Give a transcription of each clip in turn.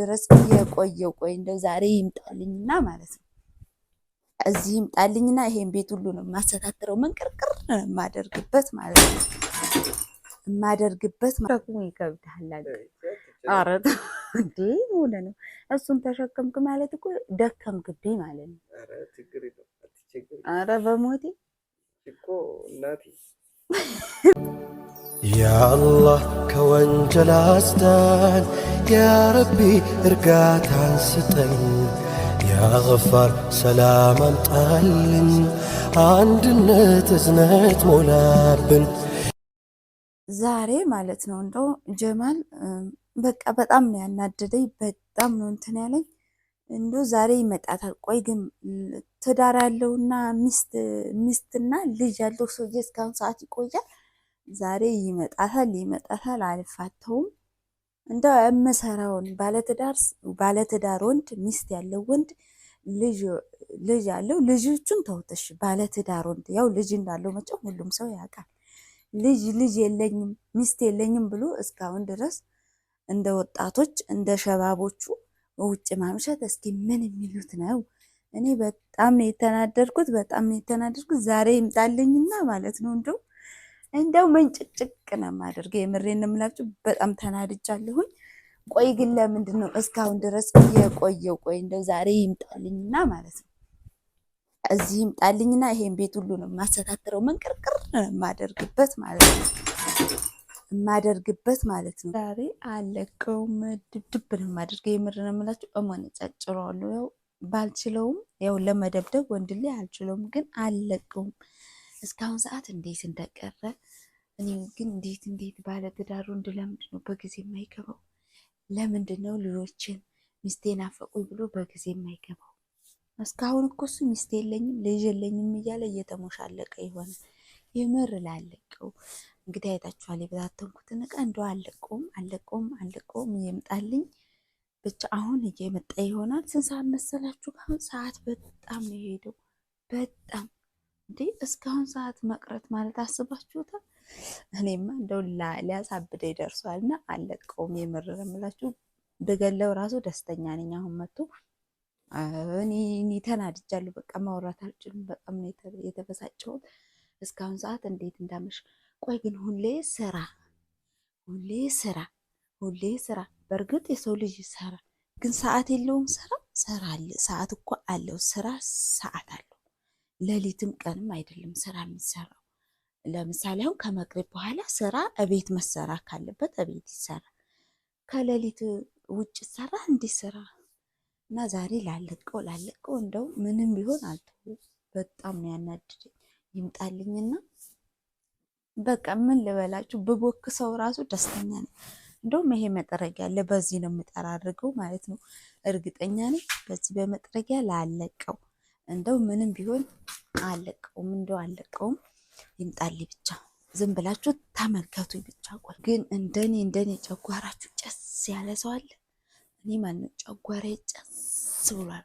ድረስ የቆየው ቆይ እንደው ዛሬ ይምጣልኝና ማለት ነው እዚህ ይምጣልኝና ይሄን ቤት ሁሉ ነው የማሰታትረው። መንቅርቅር ነው የማደርግበት ማለት ነው የማደርግበት ተሸክሙ ይከብዳል። ኧረ እንዴ ሆነ ነው እሱን ተሸከምክ ማለት እኮ ደከምክብኝ ማለት ነው። አረ በሞቴ እኮ እናቴ ያአላህ ከወንጀል አስዳን፣ ያረቢ እርጋታን ስጠን፣ ያገፋር ሰላም አምጣልን፣ አንድነት እዝነት ሞላብን። ዛሬ ማለት ነው እንደው ጀማል በቃ በጣም ነው ያናደደኝ፣ በጣም ነው እንትን ያለኝ። እንዶ ዛሬ ይመጣታል። ቆይ ግን ትዳር ያለውና ሚስትና ልጅ ያለው ሰውዬ እስካሁን ሰዓት ይቆያል? ዛሬ ይመጣታል ይመጣታል አልፋተውም። እንደው የምሰራውን ባለትዳር ባለትዳር ወንድ ሚስት ያለው ወንድ ልጅ ልጅ ያለው ልጆቹን ተውትሽ፣ ባለትዳር ወንድ ያው ልጅ እንዳለው መቼም ሁሉም ሰው ያውቃል። ልጅ ልጅ የለኝም ሚስት የለኝም ብሎ እስካሁን ድረስ እንደ ወጣቶች እንደ ሸባቦቹ ውጭ ማምሸት እስኪ ምን የሚሉት ነው? እኔ በጣም ነው የተናደድኩት፣ በጣም ነው የተናደድኩት። ዛሬ ይምጣልኝና ማለት ነው እንደው እንደው መንጭጭቅ ነው የማደርገው። የምሬን ነው የምላችሁ። በጣም ተናድጃለሁኝ። ቆይ ግን ለምንድን ነው እስካሁን ድረስ የቆየው? ቆይ እንደው ዛሬ ይምጣልኝና ማለት ነው እዚህ ይምጣልኝና ይሄን ቤት ሁሉ ነው የማሰታትረው። መንቅርቅር ነው የማደርግበት ማለት ነው የማደርግበት ማለት ነው። ዛሬ አለቀውም፣ ድብድብ ነው የማደርገው። የምር ነው የምላችሁ። እሞነጫጭረዋለሁ። ያው ባልችለውም፣ ያው ለመደብደብ ወንድ ላይ አልችለውም፣ ግን አለቀውም እስካሁን ሰዓት እንዴት እንደቀረ እኔም ግን እንዴት እንዴት ባለ ትዳሩ እንድ ለምንድን ነው በጊዜ የማይገባው? ለምንድን ነው ልጆችን ሚስቴን አፈቁኝ ብሎ በጊዜ የማይገባው? እስካሁን እኮ እሱ ሚስቴ የለኝም ልጅ የለኝም እያለ እየተሞሻለቀ ይሆነ የምር ላለቀው። እንግዲህ አይታችኋል የበታተንኩትን እቃ እንደ አለቀውም አለቀውም አለቀውም እየመጣልኝ ብቻ አሁን እየመጣ ይሆናል። ስንት ሰዓት መሰላችሁ? ከአሁን ሰዓት በጣም ነው የሄደው በጣም እንዴ እስካሁን ሰዓት መቅረት ማለት አስባችሁታ? እኔማ እንደው ሊያሳብደኝ ደርሷል እና አለቀውም። የምር እምላችሁ ብገለው ራሱ ደስተኛ ነኝ። አሁን መጥቶ እኔ ተናድጃለሁ። በቃ ማውራት አልችልም። በጣም ነው የተበሳጨሁት። እስካሁን ሰዓት እንዴት እንዳመሽ። ቆይ ግን ሁሌ ስራ ሁሌ ስራ ሁሌ ስራ። በእርግጥ የሰው ልጅ ይሰራ፣ ግን ሰዓት የለውም። ስራ ስራ አለ። ሰዓት እኮ አለው። ስራ ሰዓት አለው። ሌሊትም ቀንም አይደለም ስራ የሚሰራው። ለምሳሌ አሁን ከመቅረብ በኋላ ስራ እቤት መሰራ ካለበት እቤት ይሰራ ከሌሊት ውጭ ሰራ እንዲህ ስራ እና ዛሬ ላለቀው ላለቀው እንደው ምንም ቢሆን አልተውም። በጣም ነው ይምጣልኝና በቃ ምን ልበላችሁ ብቦክ ሰው ራሱ ደስተኛ ነው። እንደውም ይሄ መጥረጊያ አለ፣ በዚህ ነው የምጠራርገው ማለት ነው። እርግጠኛ ነኝ በዚህ በመጥረጊያ ላለቀው እንደው ምንም ቢሆን አለቀውም፣ እንደው አለቀውም። ይምጣልኝ ብቻ ዝም ብላችሁ ተመልከቱኝ ብቻ። ቆይ ግን እንደኔ እንደኔ ጨጓራችሁ ጨስ ያለ ሰው አለ? እኔ ማነው ጨስ ብሏል።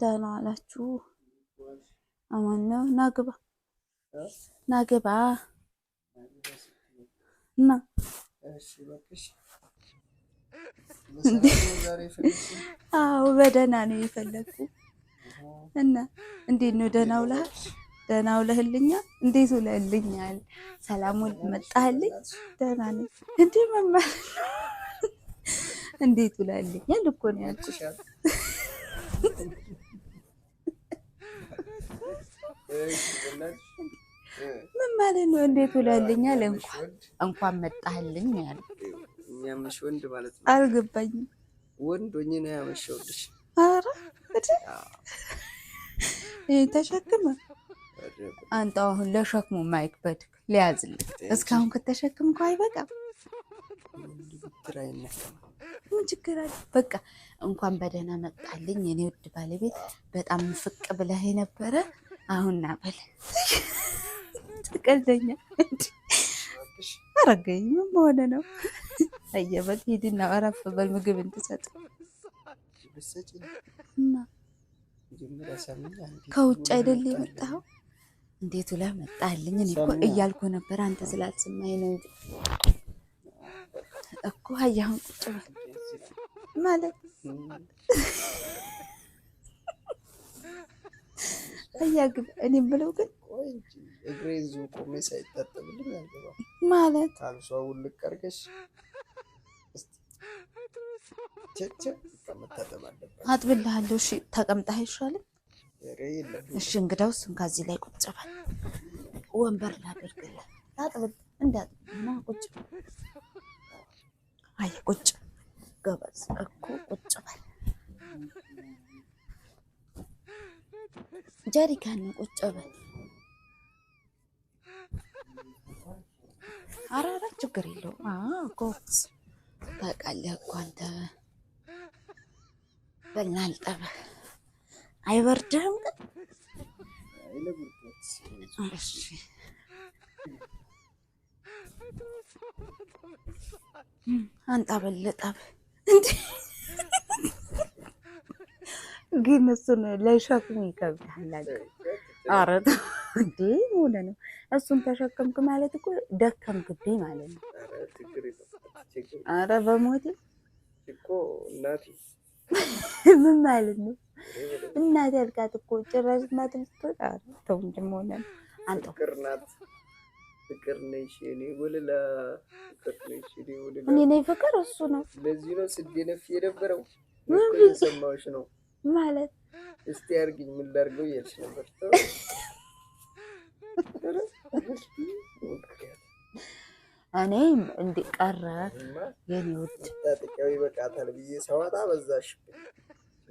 ደህና ዋላችሁ? አማን ነው። ናግባ ናግባ ና አዎ በደህና ነው የፈለግኩ እና እንዴት ነው ደህና ውለሃል? ደህና ውለህልኛ? እንዴት ውለህልኛል? ሰላም ውል መጣህልኝ? ደህና ነኝ። እንዴ መማር እንዴት ውለህልኛል እኮ ነው ያልኩ ምን ማለት ነው? እንዴት ውለህልኛል? እንኳን እንኳን መጣህልኝ ያለው ያመሽ ወንድ ማለት ነው። አልገባኝም። ወንድ ሆኜ ነው ያመሸውልሽ። ኧረ ይሄን ተሸክመ አንተ አሁን ለሸክሙ ማይክ ማይክበድ ሊያዝልህ እስካሁን ከተሸክምኩ እኮ አይበቃም። ምን ችግር አለ? በቃ እንኳን በደህና መጣልኝ የኔ ውድ ባለቤት። በጣም ፍቅ ብለህ የነበረ አሁን ና በል። ትቀልደኛለህ አረገኝ። ምን በሆነ ነው? አየበት ሂድና አረፍ በል ምግብ እንትሰጥ ከውጭ አይደል የመጣኸው? እንዴት ውለህ መጣልኝ? እኔ እኮ እያልኩ ነበር አንተ ስላልሰማኝ ነው እንጂ እኮ አያሁን ቁጭ በል ማለት አያግብ እኔ ብለው ግን እግሬ ዙ ቆሜ ሳይታጠብልኝ አልገባም ማለት ካልሷ ውልቅ አድርገሽ መታጠብ አለባት። አጥብልሃለሁ። እሺ ተቀምጠህ አይሻልም? እሺ እንግዳው እሱን ከዚህ ላይ ቁጭ በል፣ ወንበር ላድርግልህ። አጥብል እንዳጥብና ቁጭ አይ ቁጭ ገበዝ እኮ ቁጭ በል ጀሪካን ነው ቁጭ ብለን አራራ ችግር የለውም። ጎብዝ ታውቃለህ እኮ አንተ በናልጠበ አይበርድህም ግን አንጣ በለጠብ እንዴ ግን እሱን ለሸክሙ ይከብዳል። አረ እንዴ ሆነ ነው። እሱን ተሸከምክ ማለት እኮ ደከምክብኝ ማለት ነው። አረ በሞቴ ምን ማለት ነው? እናቴ አልካት እኮ ጭራሽ እናት ልትወጣ ተው ሆነ አንተ ፍቅር ነሽ ወለላ ፍቅር ነሽ ወለላ እኔ ነኝ ፍቅር እሱ ነው። ለዚህ ነው የነበረው ነው ማለት እስቲ አርግኝ ምን ላርገው እያልሽ ነበር። እኔም እንዲቀረ የኔ ውድ ጣጥቂያው ብዬ ሰዋጣ በዛሽ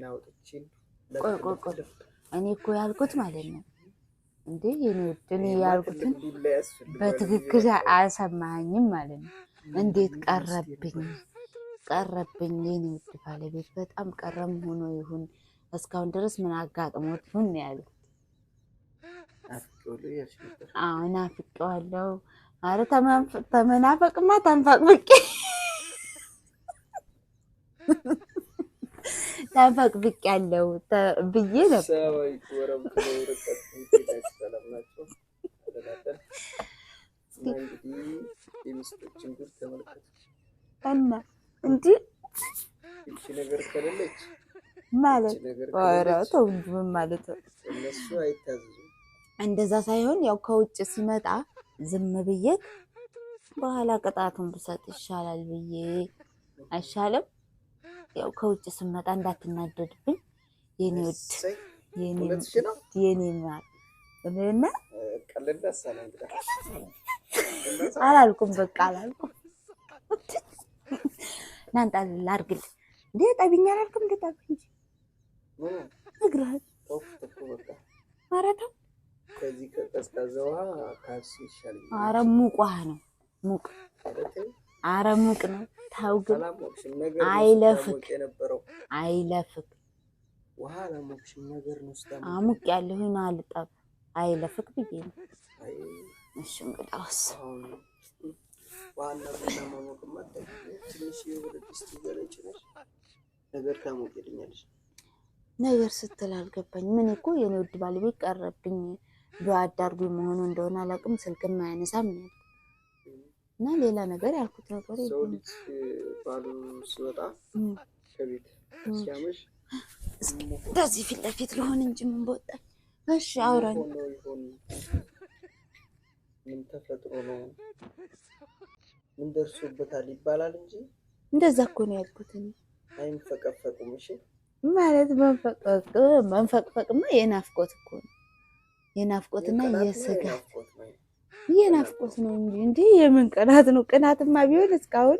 ናውጥቼ ቆይ ቆይ ቆይ እኔ እኮ ያልኩት ማለት ነው እንዴ የኔ ውድ እኔ ያልኩትን በትክክል አልሰማኝም ማለት ነው። እንዴት ቀረብኝ? ቀረብኝ የኔ ውድ ባለቤት በጣም ቀረም ሆኖ ይሁን እስካሁን ድረስ ምን አጋጥሞት ሁን ያሉ አሁን አፍቄዋለሁ። አረ ተመናፈቅማ ተንፈቅ ብቅ ያለው ብዬ ነበር። እና እንጂ ነገር ከሌለች ማለት ምን ማለት እንደዛ ሳይሆን ያው ከውጭ ሲመጣ ዝም ብዬ በኋላ ቅጣቱን ብሰጥ ይሻላል ብዬ አይሻልም? ያው ከውጭ ስመጣ እንዳትናደድብኝ የኔ ውድ የኔ ማር እና አላልኩም፣ በቃ አላልኩም ናንጣ ላድርግልህ። እንዴ ጠቢኝ አላልክም? እንዴ ጠብ እንጂ እግራት ማረተው። ከዚህ ከቀዝቃዛ ውሃ ካልሲ ይሻለኛል። አረ ሙቅ ውሃ ነው ሙቅ። አረ ሙቅ ነው። ተው ግን አይለፍክ፣ አይለፍክ። ውሃ አላሞቅሽም። ነገር ነው አሙቅ ያለሁኝ አልጠብ አይለፍክ ብዬ ነው። እሺ እንግዳውስ ዋና ቡና ማሞቅማ ትንሽ የሆነ ድስት ይዘረጭነች ነገር ታሞቅልኛለች። ነገር ስትል አልገባኝ። ምን እኮ የኔ ውድ ባለቤት ቀረብኝ በአዳርጉ መሆኑ እንደሆነ አላውቅም። ስልክም አያነሳም ነው እና ሌላ ነገር ያልኩት ነገር ባሉ ሲወጣ ከቤት ሲያመሽ እንደዚህ ፊት ለፊት ለሆን እንጂ ምን በወጣኝ። እሺ አውራኝ ምን ተፈጥሮ ነው? ምን ደርሶበታል ይባላል እንጂ እንደዛ እኮ ነው ያልኩት። አይንፈቀፈቁም። እሺ ማለት መንፈቅፈቅ መንፈቅፈቅማ የናፍቆት እኮ ነው። የናፍቆትና የስጋት የናፍቆት ነው እንጂ እንዲ የምን ቅናት ነው? ቅናትማ ቢሆን እስካሁን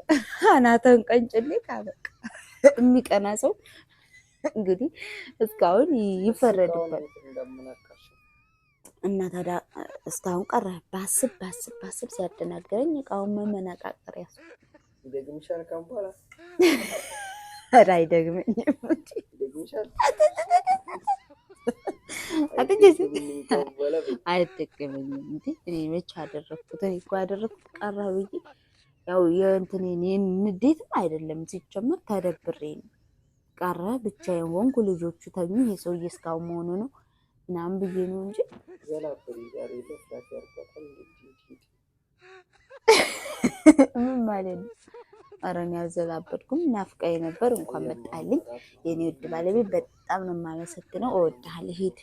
አናተን ቀንጭሌ ካበቅ የሚቀና ሰው እንግዲህ እስካሁን ይፈረድበት። እና ታዲያ እስካሁን ቀረ ባስብ ባስብ ባስብ ሲያደናገረኝ እቃውን መመናቃቀር ያሱ ራይ አይደግመኝም። አይደግመኝም እንዴ እኔ መቼ አደረግኩት? እኔ እኮ ያደረግኩት ቀረ ብዬ ያው የእንትኔን ንዴትም አይደለም ሲጀመር ተደብሬ ነው ቀረ ብቻዬን ወንኩ። ልጆቹ ተኙ። ይሄ ሰውዬ እስካሁን መሆኑ ነው ምናምን ብዬ ነው እንጂ ምን ማለት ነው? ኧረ እኔ አልዘላበድኩም። ናፍቃዬ ነበር። እንኳን መጣልኝ የኔ ውድ ባለቤት። በጣም ነው የማመሰግነው። እወድሃለሁ። ሂድ